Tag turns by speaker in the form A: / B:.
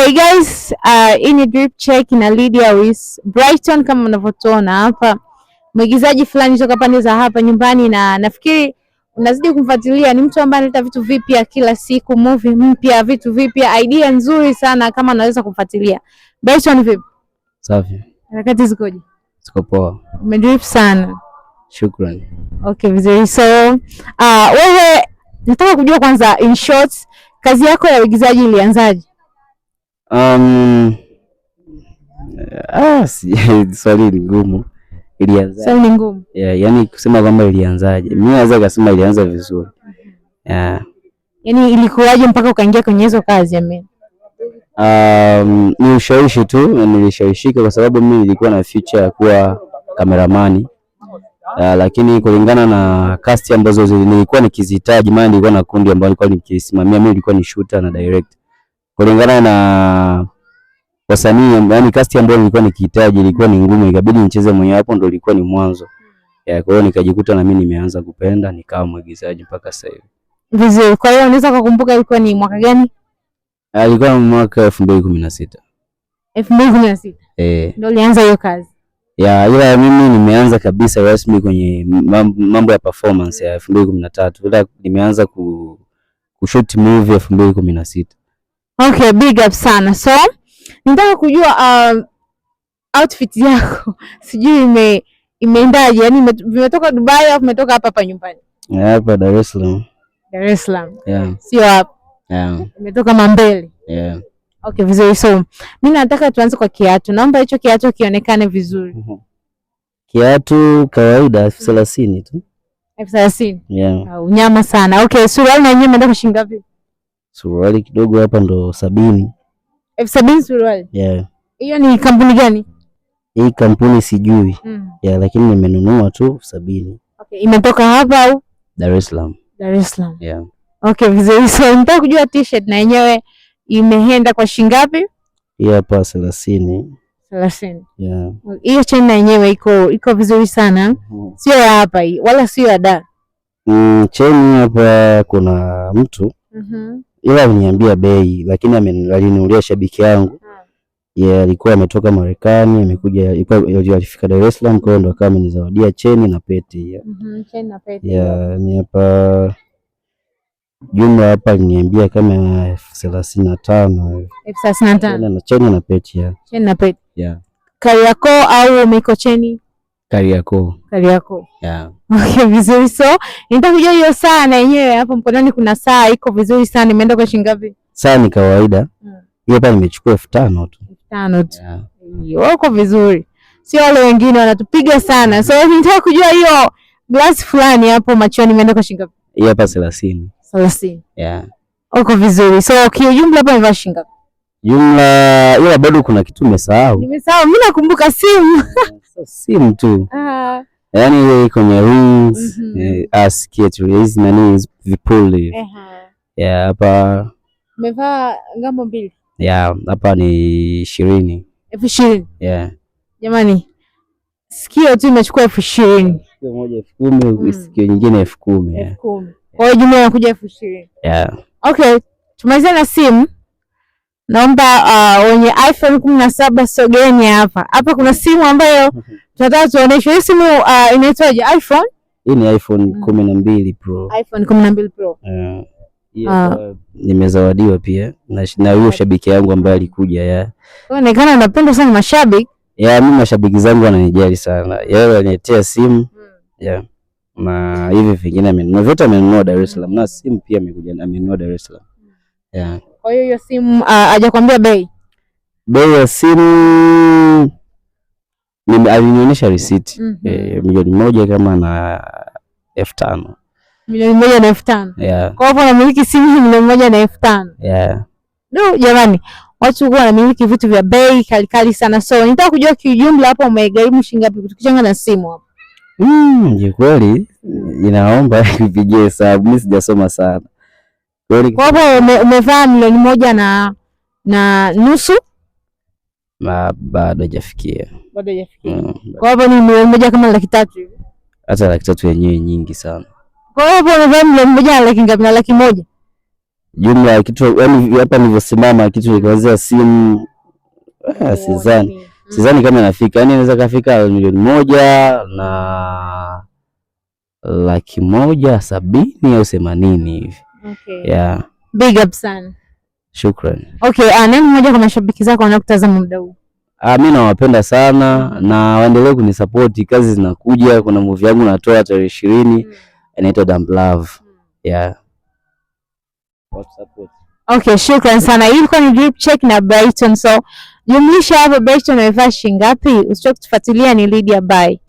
A: Okay guys, uh, hii uh, ni drip check na Lydia with Brighton kama unavyotuona hapa. Mwigizaji fulani toka pande za hapa nyumbani na nafikiri unazidi kumfuatilia, ni mtu ambaye analeta vitu vipya kila siku, movie mpya, vitu vipya, idea nzuri sana kama unaweza kumfuatilia. Brighton vipi? Safi. Harakati zikoje? Ziko poa. Umedrip sana. Shukrani. Okay, vizuri. So, uh, wewe nataka kujua kwanza in short kazi yako ya uigizaji ilianzaje?
B: Um, ah, si, swali ni ngumu. Ilianza. Swali ni ngumu. Yeah, yani kusema kwamba ilianzaje. Mimi naweza kusema ilianza vizuri. Yeah.
A: Yaani ilikuwaje mpaka ukaingia kwenye hizo kazi ya mimi?
B: Um, ni ushawishi tu, nilishawishika kwa sababu mimi nilikuwa na future ya kuwa kameramani. Uh, lakini kulingana na cast ambazo nilikuwa nikizihitaji, maana nilikuwa na kundi ambalo nilikuwa nikisimamia, mimi nilikuwa ni shooter na director kulingana na wasanii, yani cast ambayo nilikuwa nikihitaji ilikuwa ni ngumu, ikabidi nicheze mwenye Hapo ndo ilikuwa ni mwanzo hmm. ya, kwa hiyo nikajikuta na mimi nimeanza kupenda nikawa mwigizaji mpaka sasa hivi.
A: Vizuri. Kwa hiyo unaweza kukumbuka ilikuwa ni mwaka gani?
B: Ilikuwa mwaka 2016.
A: 2016. eh, ndio ulianza hiyo kazi
B: ya, ila mimi nimeanza kabisa rasmi kwenye mambo ya performance ya 2013. ila nimeanza ku shoot movie 2016. mbili
A: Okay, big up sana. So nitaka kujua uh, outfit yako sijui ime imeendaje, yani vimetoka Dubai au vimetoka hapa hapa nyumbani?
B: Yeah, Hapa Dar es Salaam.
A: Dar es Salaam. Yeah. Sio hapa. Yeah. Imetoka Mambele. Yeah. Okay, vizuri. So mimi nataka tuanze kwa kiatu, naomba hicho kiatu kionekane vizuri. mm -hmm.
B: Kiatu kawaida elfu thelathini tu.
A: elfu thelathini. Yeah. Uh, unyama sana. Okay, suruali na yenyewe imeenda kushingapi?
B: suruali kidogo hapa ndo sabini
A: elfu sabini suruali yeah. Hiyo ni kampuni gani?
B: Hii kampuni sijui mm. Yeah, lakini nimenunua tu elfu sabini.
A: Okay, imetoka hapa au Dar es Salaam? Dar es Salaam. Yeah. Okay, vizuri. So nataka kujua t-shirt na yenyewe imeenda kwa shingapi?
B: Hii hapa thelathini.
A: Thelathini. Hiyo cheni na yenyewe iko iko vizuri sana mm. Sio ya hapa hii wala sio ya da
B: mm, cheni hapa kuna mtu mm -hmm. ila aliniambia bei, lakini aliniulia shabiki yangu ah. ye yeah, alikuwa ametoka Marekani amekuja, alifika Dar es Salaam, kwa hiyo ndo akawa amenizawadia cheni na pete yeah.
A: mm -hmm, cheni na pete
B: ya, ni hapa jumla hapa aliniambia kama elfu thelathini na tano na tano cheni na pete ya. cheni na pete yeah.
A: Kariakoo au Mikocheni
B: Kariakoo. Kariakoo. Yeah.
A: Okay, vizuri so nitaka kujua hiyo saa na yenyewe hapo mkononi kuna saa iko vizuri sana imeenda kwa shilingi ngapi?
B: Saa ni kawaida. Mm. Hiyo pale nimechukua elfu tano tu.
A: Elfu tano tu. Yeah. Wako vizuri. Sio wale wengine wanatupiga sana. So nitaka kujua hiyo glass fulani hapo machoni imeenda kwa shilingi ngapi?
B: Hiyo hapa 30. 30. Yeah.
A: Wako vizuri. So kiujumla hapo imevaa shilingi ngapi?
B: jumla, ila bado kuna kitu umesahau.
A: Nimesahau mimi, nakumbuka simu
B: simu tu Yani ile kwenye rings askia tulizi nani vipuli hapa
A: umevaa ngambo mbili
B: ya hapa ni ishirini
A: elfu ishirini jamani, sikio tu imechukua elfu ishirini
B: sikio moja elfu kumi mm. sikio nyingine elfu kumi
A: Kwa hiyo jumla inakuja elfu ishirini Okay, tumalizia na simu Naomba uh, wenye iPhone kumi na saba sogeeni hapa. Hapa kuna simu ambayo tunataka tuoneshe. Hii simu uh, inaitwaje? iPhone
B: hii ni iPhone mm. kumi na mbili Pro,
A: iPhone kumi na mbili Pro.
B: Uh, yeah, uh, nimezawadiwa pia na huyo shabiki yangu ambaye alikuja ya
A: onekana anapenda sana mashabiki
B: ya mimi, mashabiki zangu wananijali sana, yeye aniletea simu hmm. yeah. na hivi vingine amenunua vyote, amenunua Dar es Salaam na simu pia amekuja amenunua Dar es Salaam mm. yeah.
A: Kwa hiyo hiyo simu ah, hajakwambia bei?
B: Bei ya simu alinionyesha risiti mm -hmm. E, eh, milioni moja kama na elfu tano
A: milioni moja na elfu tano yeah. Kwa hivyo anamiliki simu milioni moja na elfu tano yeah. No, jamani watu huwa wanamiliki vitu vya bei kali kali sana, so nitaka kujua kiujumla hapo umegharimu shilingi ngapi tukichanga na simu hapo?
B: Mm, kweli inaomba kupigia hesabu, mimi sijasoma sana
A: kwa hivyo umevaa milioni moja na na nusu
B: Ma, bado hajafikia
A: bado hajafikia mm. kwa hivyo ni milioni moja kama laki tatu hivi,
B: hata laki tatu yenyewe nyingi sana.
A: Kwa hivyo umevaa milioni moja na laki ngapi? Na laki moja
B: jumla ya kitu, yani, hapa nilivyosimama kitu kuanzia simu ah, eh, oh, sizani mm. sizani kama inafika, yaani inaweza kafika milioni moja na laki moja sabini au themanini hivi Okay. Yeah.
A: Big up sana.
B: Shukran.
A: Okay, uh, neno moja kwa mashabiki zako wanaokutazama muda huu.
B: Ah, mimi nawapenda sana na waendelee kunisapoti, kazi zinakuja. Kuna movie yangu natoa tarehe ishirini mm. inaitwa Dumb Love. mm. Yeah.
A: Okay, shukran sana. Hii ilikuwa ni drip check na Brighton. So jumlisha hapo Brighton wamevaa shilingi ngapi? Usichoke kutufuatilia ni Lydia Bye.